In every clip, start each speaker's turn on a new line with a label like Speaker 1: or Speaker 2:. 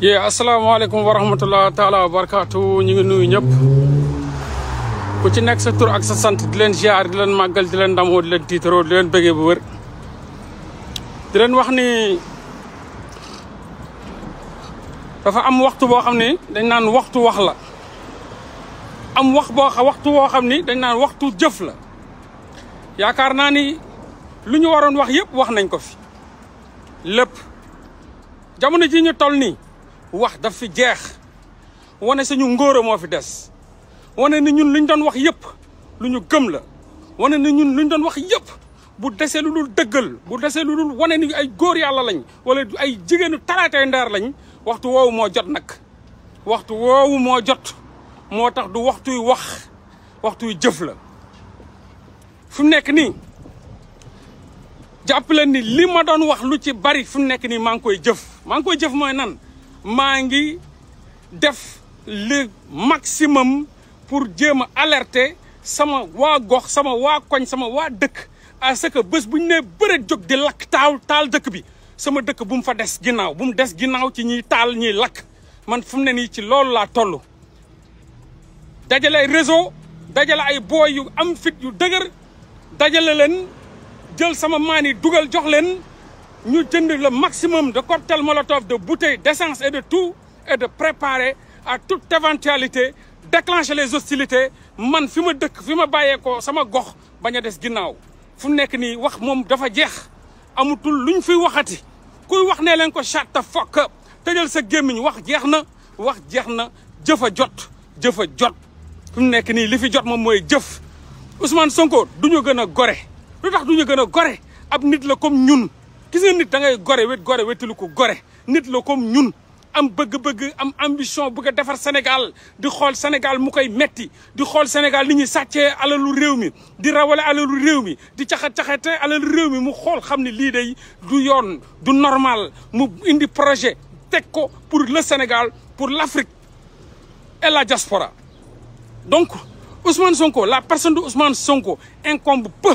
Speaker 1: yee asalaamaaleykum wa rahmatullah taala wa barakaatu ñu ngi nuyu ñëpp ku ci sa tur ak sa sant leen ziar di leen màggal di leen ndamoo leen tiitaroo di leen bëggee bu wër di leen wax ni dafa am waxtu boo xam ni dañ naan waxtu wax la am wax boo waxtu boo xam ni dañ naan waxtu jëf la yaakaar naa ni lu ñu waroon wax yépp wax nañ ko fi lépp jamono ji ñu tol nii wax daf fi jeex wane suñu ngóora mo fi des wane ni ñun luñ doon wax yëpp lu gëm la wane ni ñun luñ doon wax yëpp bu desee lu dul bu lu dul wane ni ay góor yàlla lañ wala ay jigéenu talaatay ndeer lañ waxtu woowu moo jot nag waxtu woowu moo jot moo du waxtuy wax waxtuy jëf la fu mu ni li ma doon wax lu ci bari fu mu nekk nii koy jëf koy jëf nan Mangi def le maximum pour djema alerter sama wa gox sama wa koñ sama ce que buñ di bi sama deuk bu fa dess des ci ñi taal ñi man fu ne ci loolu la tolo réseau dajale ay boy yu am fit yu dëgër dajale len sama mani dugal nous tenir le maximum de cocktails molotov, de bouteilles, d'essence et de tout, et de préparer à toute éventualité, déclencher les hostilités. Man, fi me dek, fi baye ko, sama gox, baña des ginnaw. Fu nek ni, wax mom dafa jeex. Amutul luñ fi waxati. Kuy wax ne len ko shut the fuck up. Tejal sa gemiñ, wax jeex na, wax jeex na, jëfa jot, jëfa jot. Fu nek ni, li fi jot mom moy jëf. Ousmane Sonko duñu gëna goré. Lutax duñu gëna goré ab nit la comme ñun gis nga nit da ngay goré wet gore wetilu ko gore nit lo comme ñun am bëgg-bëgg am ambition bëgg défar Sénégal di xol Sénégal mu koy metti di xol Sénégal ni ñuy sàccee alalu réew mi di rawale alalu réew mi di caxat-caxate alalu réew mi mu xol xamni li day du yoon du normal mu indi projet tek ko pour le Sénégal pour l'Afrique et la diaspora donc Ousmane Sonko la personne de Ousmane Sonko incombe peu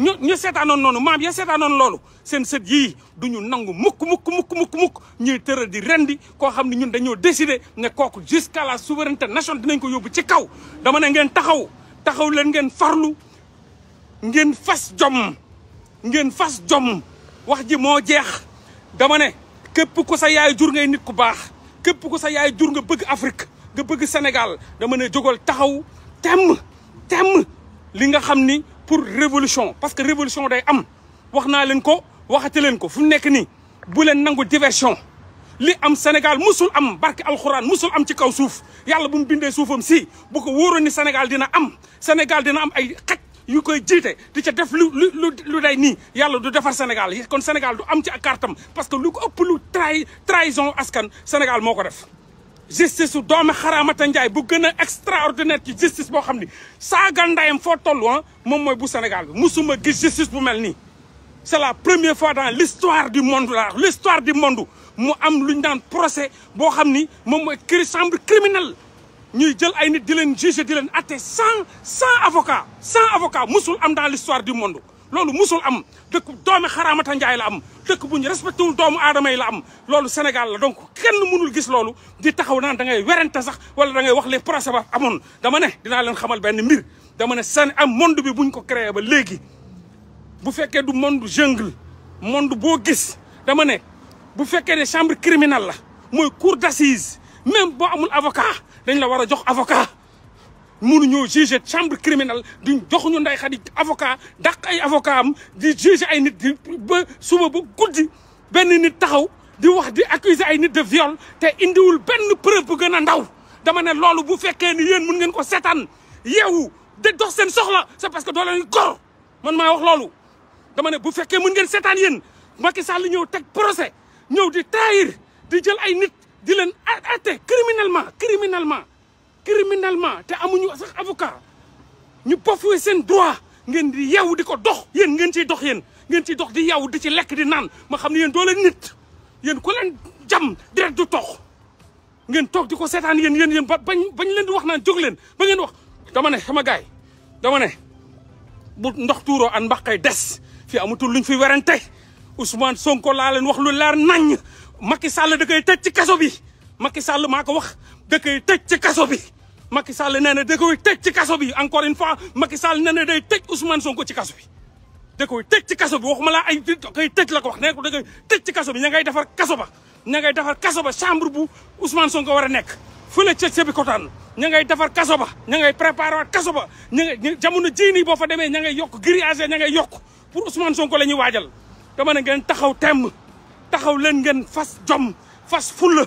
Speaker 1: ñu sétanon nonu noonu maam ya sétanon lolu seen sët yi duñu muk nangu muk muk mukk mukk mukk ñuy di rendi ko xamni ñun dañoo décider ne koku jusqu'à la souveraineté nationale dinañ ko yobbu ci kaw dama ne ngeen taxaw taxaw leen ngeen farlu ngeen fas jom ngeen fas jom wax ji mo jeex dama ne kep ku sa yaay jur ngay nit ku baax kep ku sa yaay jur nga bëgg Afrique nga bëgg Sénégal dama ne jogol taxaw tem tem li nga xamni pour révolution parce que révolution day am waxna len ko waxati len ko fu nek ni bu len nangu diversion li am Sénégal musul am barke alcorane musul am ci kaw souf yalla bu mu soufam si bu ko woro ni Sénégal dina am Sénégal dina am ay xat yu koy jité di ca def lu lu lu day ni yalla du défar Sénégal kon Sénégal du am ci ak parce que lu ko ëpp lu trah trahison askan Sénégal moko def justice su doomu xaraamata njaay bu gëna extraordinaire ci justice bo xamni sagal saaga ndayam foo tollu ah moom mooy bu Sénégal bi musuma gis justice bu melni c'est la première fois dans l'histoire du monde l'histoire du monde mu am lu ñu procès bo xamni ni moy mooy chambre criminel ñuy jël ay nit di leen juger di leen atté sans sans avocat sans avocat musul am dans l'histoire du monde loolu musul am dëkk doomi xaraamata njaay la am dëkk bu ñu respecté wul doomu aadama yi la am loolu Sénégal la donc kenn mënul gis loolu di taxaw naan dangay ngay werante sax wala da ngay wax les procès ba amoon dama ne dinaa leen xamal benn mbir dama ne seen am monde bi buñ ko créé ba léegi bu fekkee du monde jungle monde boo gis dama ne bu fekkee ne chambre criminelle la mooy cour d'assises même boo amul avocat dañ la war a jox avocat mënuñoo juger chambre criminelle duñ joxuñu nday xadi avocat dàq ay avocat di juger ay nit di ba suba ba guddi benn nit taxaw di wax di accuser ay nit de viol te indiwul benn preuve bu gën a ndaw dama ne loolu bu fekkee ni yéen mën ngeen ko seetaan yeewu de dox seen soxla c'est parce que doo leen gor man maa wax loolu dama ne bu fekkee mën ngeen seetaan yéen Macky Sall ñëw teg procès ñëw di trahir di jël ay nit di leen arrêté criminellement criminellement criminellement te amuñu sax avocat ñu bafoué seen droit ngeen di yeewu di ko dox yéen ngeen ciy dox yéen ngeen ciy dox di yeewu di ci lekk di naan ma xam ne yéen doo leen nit yéen ku leen jam deret du tox ngeen toog di ko seetaan yéen yéen yéen ba bañ bañ leen di wax naan jóg leen ba ngeen wax dama ne sama dama ne bu ndox tuuroo an mbaqay des fii amatul luñ fi werante Ousmane Sonko laa leen wax lu laar nañ Macky Sall da koy ci kaso bi Macky Sall maa ko wax da tek ci kaso bi Macky Sall nee na da ci kaso bi encore une fois Macky Sall nee day tëj Ousmane Sonko ci kaso bi da koy tëj ci kaso bi waxuma la ay da koy la ko wax nee ko da ci kaso bi ñay defar kaso ba ñay defar kaso ba chambre bu Ousmane Sonko wara nek fele ci ca kotan ña ngay defar kaso ba ñay ngay kasso ba ñay jamono jini bo fa deme ñay ngay grillage ñay ngay pour Ousmane Sonko lañu ñuy dama ne ngeen taxaw tem taxaw leen ngeen fas jom fas fulle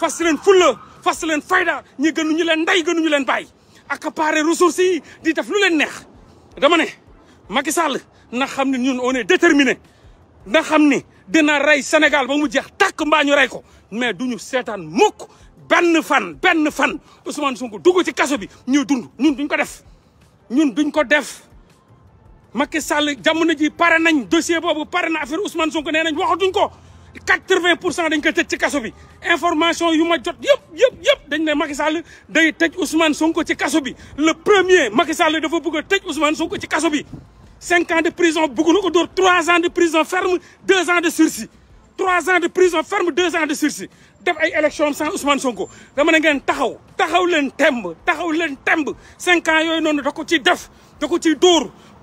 Speaker 1: fas leen fulla fas leen fayda ñi gënuñu leen ndey gënuñu leen bàyyi accaparer ressources yi di def lu leen neex dama ne Macky Sall na xam ne ñun on est déterminé xam ni dina rey Sénégal ba mu jeex tàkk rey ko mais du ñu seetaan mukk benn fan benn fan Ousmane Sonko dugg ci kaso bi ñuy dund ñun duñ ko def ñun duñ ko def Macky Sall jamono ji pare nañ dossier boobu pare na affaire Ousmane Sonko ne nañ waxatuñ ko 80% d'entre eux sont Information, Macky Sall Ousmane Sonko Le premier Macky Sall de Ousmane Sonko 5 ans de prison, 3 ans de prison ferme, 2 ans de sursis. 3 ans de prison ferme, 2 ans de sursis. Il y a élection sans Ousmane Sonko. il y a un thème. Il de 5 ans, il y a un thème. Il y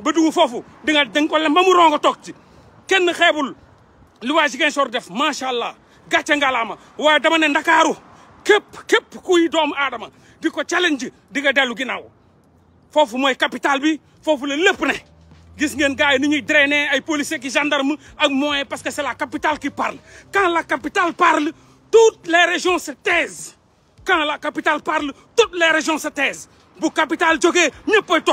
Speaker 1: ba Fofu, vous di nga ko lem ba rongo tok ci kenn xeebul li gën sor def macha allah ngalaama way dama challenge di nga ginaaw fofu capital bi Fofu le lepp ne gis ngeen gaay ni ñuy drainer ay policiers ki gendarme ak parce que c'est la capitale qui parle quand la capitale parle toutes les régions se taisent quand la capitale parle toutes les régions se taisent bu capitale jógee ñëpp peut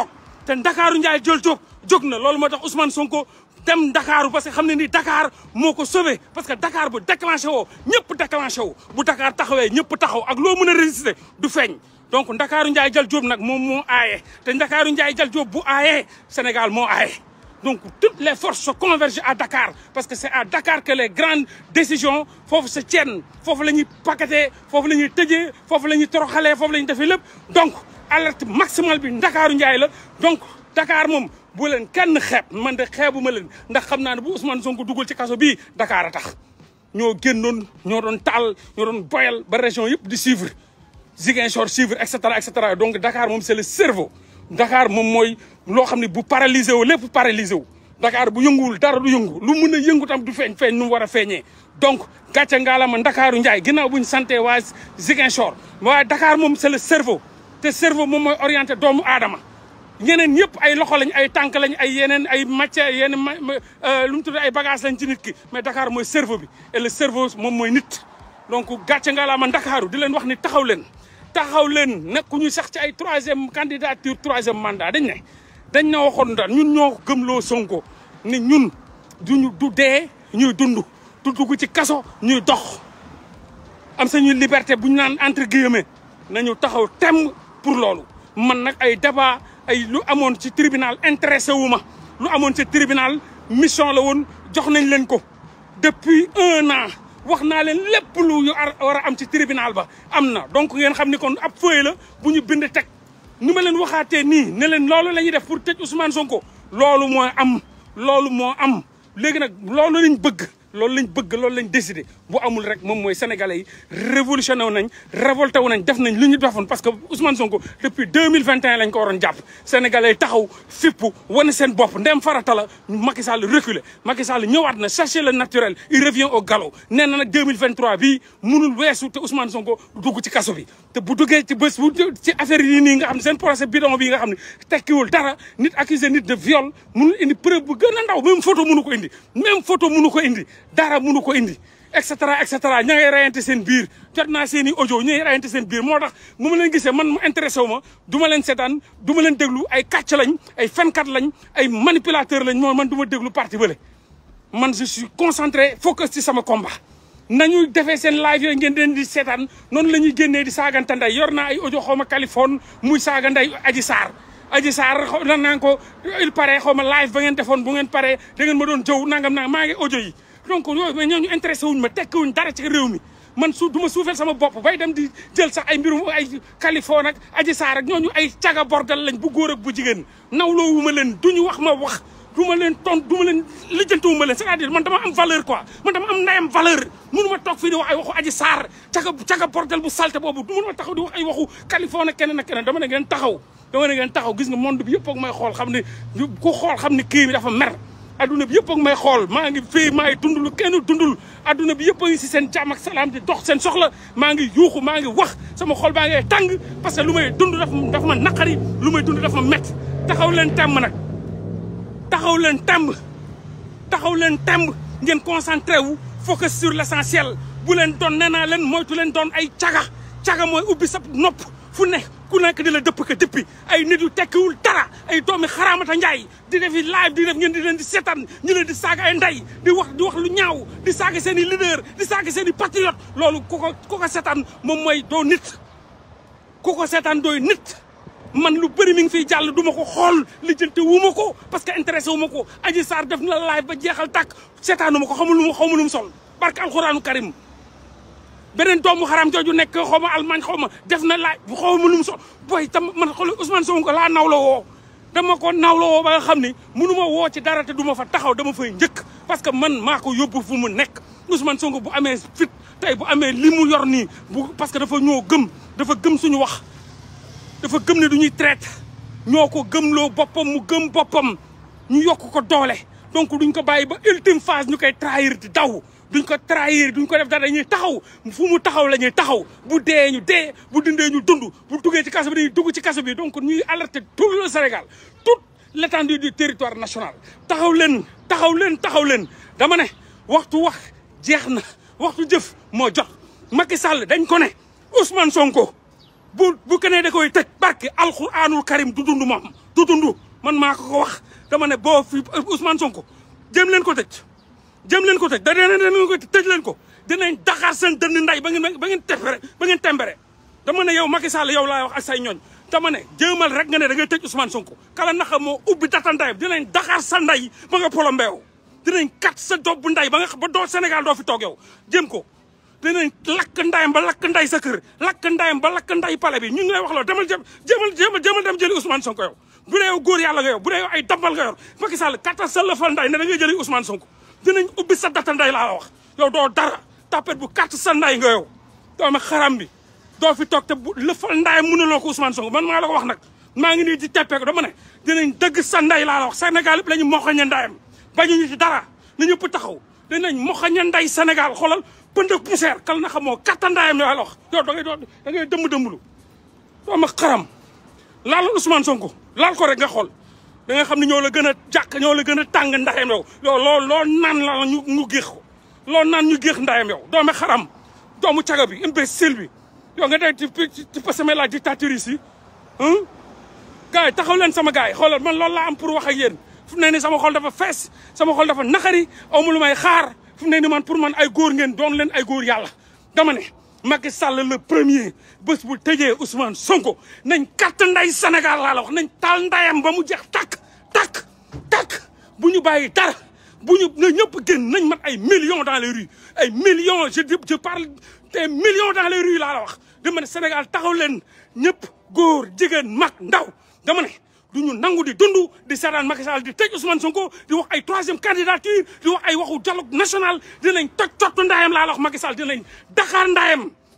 Speaker 1: té Ndakaaru Ndiaye jël jóg jóg lolou motax Ousmane Sonko tém Ndakaaru parce que xamné ni Dakar moko ko parce que Dakar bu déclenché woo ñëpp déclenché wu bu Dakar taxawé ñepp taxaw ak lo mëna a résister du feñ donc Ndakaaru Ndiaye jël jóob nak mom mo ayé té Ndakaaru Ndiaye jël jóob bu ayé Sénégal mo ayé donc toutes les forces se convergent à Dakar parce que c'est à Dakar que les grandes décisions faut se tiennent faut la ñuy paquetee foofu la ñuy tëjee foofu la ñuy toroxalee foofu donc alerte maximale bi Ndakaaru Njaay la donc Dakar mom bu len kenn xeeb man de xeebu ma leen ndax xamna naa bu Ousmane Sonko dugal ci kasso bi Dakar tax ñoo génnoon ñoo don tal ñoo don boyal ba région yëpp di suivre Ziguinchor suivre etc etc donc Dakar mom c'est le cerveau Dakar mom moy lo xamni bu paralysé wu lepp paralysé wu Dakar bu yënguwul dara du yëngu lu mën yëngu tam du feñ feñ nu wara feñé donc gàcce ngaalama Ndakaaru Njaay ginnaaw bu ñu sante waa Ziguinchor Dakar mom c'est le cerveau te cerveau moom mooy orienté doomu aadama ñeneen ñëpp ay loxo lañ ay tànk lañ ay yeneen ay matière yenn euh, lu mu tudd ay bagage lañ ci nit ki mais dakaar mooy cerveau bi et le moom mooy nit donc gàcce nga laa ma Ndakaaru di leen wax ni taxaw leen taxaw leen nekkuñu sax ci ay troisième candidature troisième mandat dañ ne dañ na waxoon daal ñun ñoo gëmloo Sonko ni ñun duñu du dee ñuy dund du dugg ci kaso ñuy dox am sañuy liberté bu ñu naan entre guillemets nañu taxaw temm pour loolu man nag ay débat ay lu amoon ci tribunal intéressé wu ma lu amoon ci tribunal mission la woon jox nañ leen ko depuis un an wax naa leen lépp lu ñu war a am ci tribunal ba am na donc ngeen xam ni kon ab feuille la bu ñu bind teg ni ma leen waxaatee nii ne leen loolu la ñuy def pour tëj Ousmane Sonko loolu moo am loolu moo am léegi nag loolu lañ bëgg loolu lañ bëgg loolu lañ décidé bu amul rek moom mooy sénégalais yi révolutionné wu nañ révolté wu nañ def nañ lu ñu defoon parce que usman Sonko depuis deux mille vingt et un ko waroon jàpp. sénégalais yi taxaw fippu wane seen bopp ndem farata la Macky Sall reculé Macky Sall ñëwaat na chercher le naturel il revient au galop nee na deux mille vingt trois bii munul weesu te Ousmane Sonko dugg ci kaso bi. te bu duggee ci bés bu ci affaire yi nii nga xam ne seen procès bidon bi nga xam ne tekkiwul dara nit accusé nit de viol munul indi preuve bu gën a ndaw même photo mënu ko indi même photo mënu ko indi. dara mënu ko indi et cetera et cetera ña ngay seen biir jot naa seen i audio ña seen biir moo tax mu ma leen gisee man mu intéressé wu ma du leen seetaan du ma leen déglu ay kàcc lañ ay fenkat lañ ay manipulateur lañ moo man du ma déglu parti bële man je suis concentré focus si sama combat nañu defee seen live yooyu ngeen leen di seetaan noonu la ñuy génnee di saagante nday yor na ay ojo xaw ma Californie muy saaga nday Adji saar Adji Sarr xaw naa ko il paraît xaw ma live ba ngeen defoon bu ngeen paree da ngeen ma doon jëw nangam nangam maa ngi audio yi donc yooyu mais ñooñu intéressé wuñ ma tekki wuñ dara ci réew mi man su du ma suufeel sama bopp bay dem di jël sax ay mbirum ay Kaliphone ak Adji Sarr ak ñooñu ay caga bordel lañ bu góor bu jigéen nawloo wu ma leen duñu wax ma wax du ma leen ton du ma leen lijjantiwu ma leen c'est-à-dire am valeur quoi man dama am ndayam valeur mënu ma toog fii di wax ay waxu Adji Sarr caga caga bordel bu salte boobu mënu ma taxaw di wax ay waxu Kaliphone ak keneen ak keneen dama ne ngeen taxaw dama taxaw gis nga monde bi yëpp ak may xool xam ne ku xool xam ne kii bi dafa mer aduna bi yëpp ak may xol maa ngi dundul aduna bi yëpp a si ak di dox sen soxla ngi wax sama xol ngay parce que lumay dund daf daf ma naqari vous Vous dund taxaw len nak taxaw concentré wu focus sur l'essentiel. bu len moytu len don ay tiaga tiaga moy ubi sa fu ne ku nekk di la dëpp ka dëppi ay nit yu tekkiwul dara ay doomi xaraamata njaay di def live di def ngeen di leen di seetaan ñu leen di saaga ay ndey di wax di wax lu ñaaw di saaga seen i leader di saaga seen i patriote loolu ku ko ku ko seetaan moom mooy doo nit ku ko seetaan dooy nit man lu bëri mi ngi fiy jàll duma ko xool li lijjante wu ma ko parce que intéressé wuma ko Adji Sarr def na live ba jeexal tàkk seetaanu ma ko xamul lu mu xamul lu mu sol barke alxuraanu karim beneen doomu xaram jooju nekk xaw ma Allemagne ma def na laaj xaw ma lu mu so booy tam man xool usman Sonko laa nawla woo dama ko nawla woo ba nga xam ni mënu ma woo ci dara te du fa taxaw dama fay njëkk parce que man maa ko yóbbu fu mu nekk Ousmane Sonko bu amee fit tey bu amee li mu yor nii bu parce que dafa ñoo gëm dafa gëm suñu wax dafa gëm ne du ñuy traite ñoo ko gëmloo boppam mu gëm boppam ñu yokk ko doole donc duñ ko bàyyi ba ultime phase ñu koy trahir di daw duñ ko trahir duñ ko def dara ñuy taxaw fu mu taxaw la ñuy taxaw bu dee ñu dee bu dundee ñu dund bu duggee ci kaso bi dañuy dugg ci kaso bi donc ñuy alerter tout le Sénégal toute l'étendue du territoire national. taxaw leen taxaw leen taxaw leen dama ne waxtu wax jeex na waxtu jëf moo jox Macky Sall dañ ko ne Ousmane Sonko bu bu keneen da koy tëj barke alxuraanul karim du dund moom du dund man maa ko wax dama ne boo fi Sonko jëm leen ko tëj. jëm leen ko tej da leen leen ko tej leen ko dinañ dakar seen dënn nday ba ngeen ba ngeen tembere ba ngeen témbéré dama ne yow Macky Sall yow la wax ak say ñooñ dama ne jëmal rek nga ne da ngay tej Ousmane Sonko kala naxa mo ubbi tata nday dinañ dakar sa nday ba nga polombeew dinañ kat sa dobbu nday ba nga ba do Sénégal do fi tok yow jëm ko dinañ lak nday ba lak nday sa kër lak nday ba lak nday palé bi ñu ngi lay wax lo demal jëm jëmal jëmal jëmal dem jël Ousmane Sonko yow bu dee yow góor nga yow bu dee yow ay dambal nga yor Macky Sall kattal sa lëfal nday ne da ngay jël Ousmane Sonko dinañ ubbi sa data nday la wax yow do dara tapet bu carte sa nday nga yow ma xaram bi do fi tok te bu lëfal ndaay ko Ousmane Sonko man ma la wax nak ma ngi ni di ko dama ne dinañ deug sa nday la wax senegal yëpp lañu ñu moxoñe ndayam ñu ci dara na pu taxaw dinañ moxoñe nday senegal xolal pende poussière kal na xamoo carte ndayam la wax yow da ngay da ngay dëmm do ma xaram lal Ousmane Sonko lal ko rek nga xol da nga xam ne ñoo la gën a jàkk ñoo la gën a tàng ndayam yow yow loolu loo naan la ñu ñu géex ko naan ñu géex ndayam yow doomu xaram doomu caga bi imbécile bi yow nga day ci pasame la dictature ici gars yi taxaw leen sama gars yi xoolal man loolu laa am pour wax ak yéen fu mu ne nii sama xol dafa fees sama xol dafa naqari aw ma lu may xaar fu mu ne nii man pour man ay góor ngeen doon leen ay góor yàlla dama ne Macky Sall le premier bés bu tëjee Ousmane Sonko nañ katt nday Sénégal laa nañ taal ndayam ba mu jeex tàkk Tac, tac, bouny baye tac, dara bu ñu na ñëpp un nañ dans les rues ay millions je je parle des millions dans les rues là la wax Sénégal taxaw leen ñëpp gor jigéen mag ndaw dama ne de ñu nangu di dund di seetaan di Ousmane Sonko di wax ay troisième candidature di wax ay waxu dialogue national dinañ toj cottu ndaayam laa la wax Macky dinañ Dakar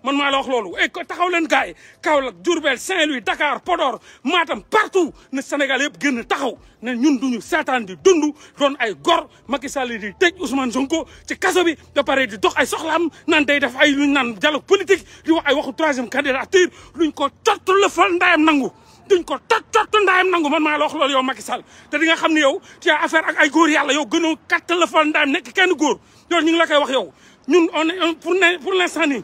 Speaker 1: man maa la wax loolu eh taxaw leen gars yi Kaolack Diourbel Saint-Louis Dakar Podor Matam partout ne Sénégal yëpp génn taxaw ne ñun duñu seetaan di dund doon ay gor Macky Sall di tëj Ousmane Sonko ci kaso bi da pare di dox ay am naan day def ay luñ naan dialogue politique di wax ay waxu troisième candidature luñ ko cottu la fal ndayam nangu duñ ko tot tot ndaayam nangu man maa la wax loolu yow Macky Sall te di nga xam ne yow ci affaire ak ay góor yàlla yow gënoo katt la fal ndaayam nekk kenn góor yow ñu ngi la koy wax yow ñun on pour ne pour l'instant nii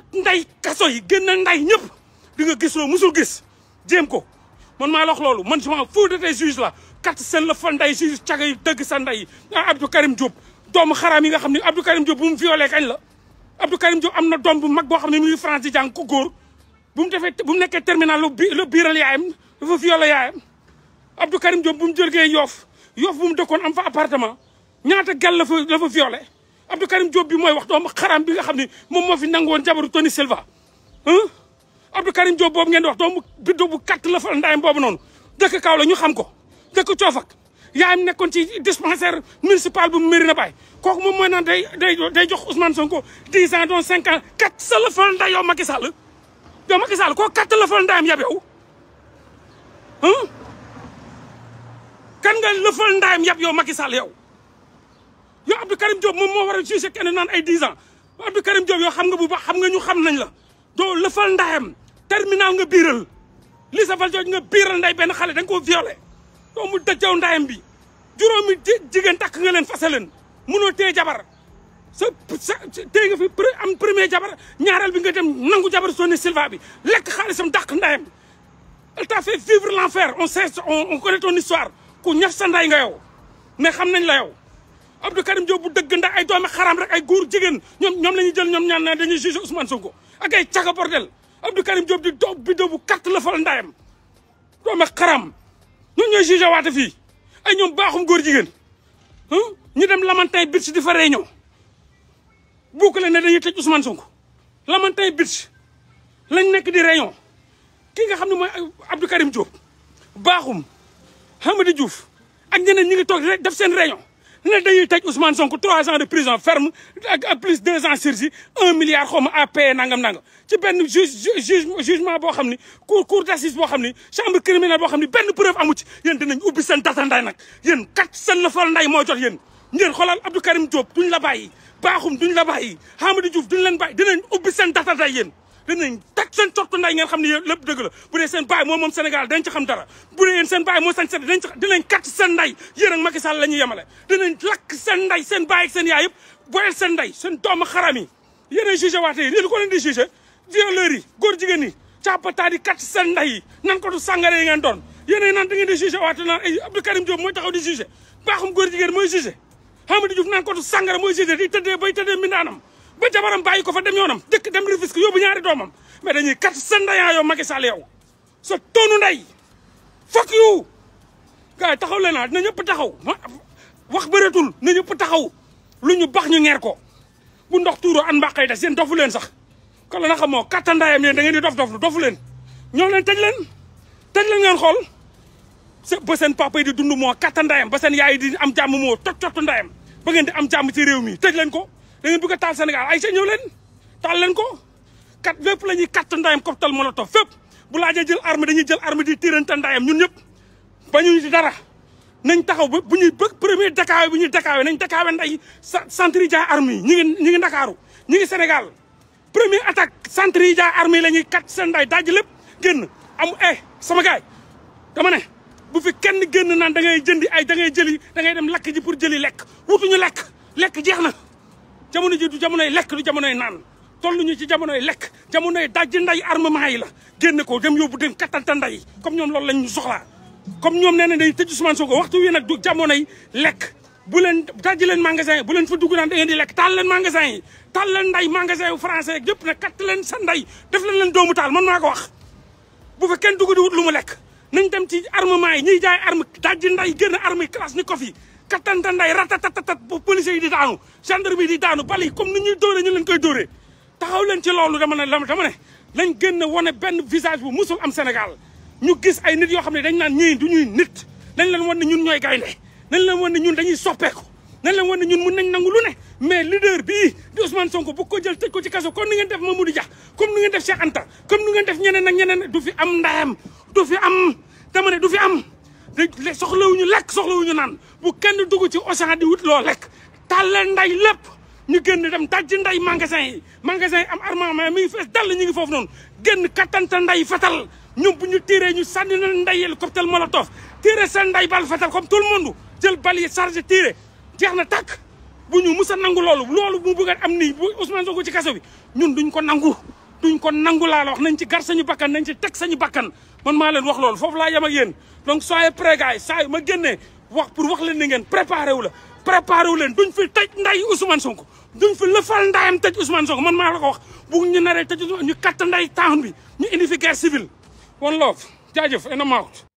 Speaker 1: toj ndey kaso yi gën a nday ñëpp di nga gis loo musul gis jéem ko man maa lox loolu man je m'en fous de tes juges là kat seen la fa nday juge caga yi dëgg sa nday ah Abdou doomu xaraam yi nga xam ne Abdou Karim Diop bu mu violé kañ la Abdou Karim Diop am na doom bu mag boo xam ne mu ngi France di jàng ko góor bu mu defee bu mu nekkee terminal la biiral yaayam dafa violé yaayam Abdou Karim Diop bu mu jëlgee yoof yoof bu mu dëkkoon am fa appartement ñaata gel la fa la Abdou Karim Diop bi mooy wax doomu xaram bi nga xam ne moom moo fi nangoon jabaru Tony Silva Abdou Karim Diop boobu ngeen di wax doomu biddo bu katt la fa ndaayam boobu noonu dëkk kaw la ñu xam ko dëkk coofak yaayam nekkoon ci dispensaire municipal bu Médina Baye kooku moom mooy naan day day day jox Ousmane Sonko 10 ans dont 5 sa la yow Macky Sall yow Macky Sall koo katt la fa ndaayam yabew kan nga lëfal ndaayam yab yow Macky yow yow Abdou Karim Diop moom moo war a jugé kenn naan ay 10 ans Abdou Karim Diop yow xam nga bu baax xam nga ñu xam nañ la doo lëfal ndayam terminal nga biiral li safal jooj nga biiral nday benn xale da ko koo violé doomu dajjaw ndaayam bi juróomi jigéen takk nga leen fase leen munoo téye jabar sa sa téye nga fi am premier jabar ñaareel bi nga dem nangu jabar Sonia Silva bi lekk xaalisam dàq ndayam elle t'a fait vivre l'enfer on sait on connaît ton histoire ku ñaf sa nday nga yow mais xam nañ la yow Abdou Karim Diop bu dëgg ndax ay doomi xaraam rek ay góor jigéen ñoom ñoom la ñuy jël ñoom ñaan naa dañuy jugé Ousmane Sonko ak ay caga bordel Abdou Karim Diop di doom biddo bu carte la fal ndaayam doomi xaraam ñoom ñooy jugé waate fii ay ñoom baaxum góor jigéen ñu dem Lamantey Beach di fa réunion buukale ne dañuy tëj Ousmane Sonko Lamantey Beach lañ nekk di réunion ki nga xam ne mooy Abdou Karim Diop baaxum Hamadi Diouf ak ñeneen ñi ngi toog def seen réunion ne deux Ousmane Sonko trois ans de prison ferme plus plus 2 ans sursis 1 milliard à payer nangam nangam ci juge jugement d'assises chambres chambre criminelle boo preuve amu ci dinañ ubbi seen data nday nag yéen quatre seen lafal nday moo jot danañ teg seen cottu nday ngeen xam ne yéen lépp dëgg la bu dee seen baay moom moom Sénégal dañ ci xam dara bu dee yéen seen baay moo sañ seen dañ ci dinañ kat seen nday yéen ak Macky Sall la ñuy yemale danañ lakk seen nday seen baay ak seen yaay yëpp boyal seen nday seen doomu xaram yi yéen a di jugé violeurs a naan da ngeen di jugé waate Karim Diop mooy taxaw di jugé baaxum góor jigéen mooy jugé Hamadi Diouf naan ko du mooy jugé di tëddee bay tëddee mbindaanam ba jabaram bàyyi ko fa dem yoonam dëkk dem Rufisque yóbbu ñaari doomam mais dañuy kat sa ndayaa yow Macky Sall yow sa toonu nday fuck you gars yi taxaw leen naa ah, na ñëpp taxaw wax bëreetul na ñëpp taxaw lu ñu bax ñu ngeer ko bu ndox tuuro an mbaqay des yéen dofu leen sax kala na xam moo katta ndayam yéen da ngeen di dof dof lu dofu leen ñoo leen tëj leen tëj leen ngeen xool ba seen papa yi di dund moo katta ndayam ba seen yaay di am jàmm moo tot tot ndayam ba ngeen di am jàmm ci réew mi tëj leen ko da ngeen bëgg a taal Sénégal ay sa ñëw leen taal leen ko kat fépp la ñuy katt ndayam koptal molotov fépp bu laajee jël arme dañuy jël arme di tiirante ndayam ñun ñëpp bañuñu ci dara nañ taxaw ba bu ñuy bëgg premier dakaawe bu ñuy dakaawe nañ dakaawe nday centre yi jaay arme yi ñu ngi ndakaaru ñu Sénégal premier attaque centre yi jaay arme yi la ñuy kat seen nday daaj lépp génn amu eh sama gaay dama ne bu fi kenn génn naan da ngay jëndi ay da ngay jëli da dem lakk ji pour jëli lekk wutuñu lekk lekk jeex na jamono ji du jamonoy lekk du jamonoy naan tolluñu ci jamonoy lekk jamonoy dajji nday armement yi la génn ko dem yóbbu dem kattante nday comme ñoom loolu lañ ñu soxlaa comme ñoom nee na day tëj Ousmane Sonko waxtu wi nag du jamonoy lekk bu leen dajji leen magasin yi bu leen fa dugg naan da ngeen di lekk taal leen magasin yi taal leen nday magasin yu français ak yëpp leen sa nday def leen leen doomu taal man naa ko wax bu fa kenn dugg di wut lu mu lekk nañ dem ci armement yi ñuy jaay arme dajji nday génn arme yi classe ni ko fi kattante nday ratatatatat bu policiers yi di daanu gendarmerie di daanu bal yi comme ni ñuy dóoree ñu leen koy dóoree taxaw leen ci loolu dama ne dama ne lañ génn wane benn visage bu musul am Sénégal ñu gis ay nit yoo xam ne dañ naan ñii du ñuy nit dañ leen wan ne ñun ñooy gaynde dañ leen wan ne ñun dañuy soppeeku dañ leen wan ne ñun mun nañ nangu lu ne mais leader bii di Ousmane Sonko bu ko jël tëj ko ci kaso comme ni ngeen def Mamadou Dia comme ni ngeen def Cheikh Anta comme ni ngeen def ñeneen ak ñeneen du fi am ndayam du fi am dama ne du fi am dañ soxlawuñu lekk soxlawuñu naan bu kenn dugg ci Auchan di wut loo lekk tàlle nday lépp ñu génn dem dajji nday mangasin yi magasin yi am armement mi ngi fees dal ñu ngi foofu noonu génn kattanta nday fatal ñoom bu ñu tiiree ñu sànni na nday hélicoptère molotov tiire seen nday bal fatal comme tout le monde jël bal yi chargé tiire jeex na tàkk bu ñu musa nangu loolu loolu mu bëgg a am nii bu Ousmane Sonko ci kaso bi ñun duñ ko nangu duñ ko nangu laa la wax nañ ci gar sañu bakkan nañ ci teg sañu bakkan man maa leen wax loolu foofu laa yem ak yéen donc soyez prêts gars yi saa yu ma génnee wax pour wax leen ni ngeen préparé wu la préparé wu leen duñ fi tëj nday Ousmane Sonko duñ fi lëfal ndayam tëj Ousmane Sonko man maa la ko wax bu ñu naree tëj ñu katt nday town bi ñu indi fi guerre civile one love jaajëf ena maawut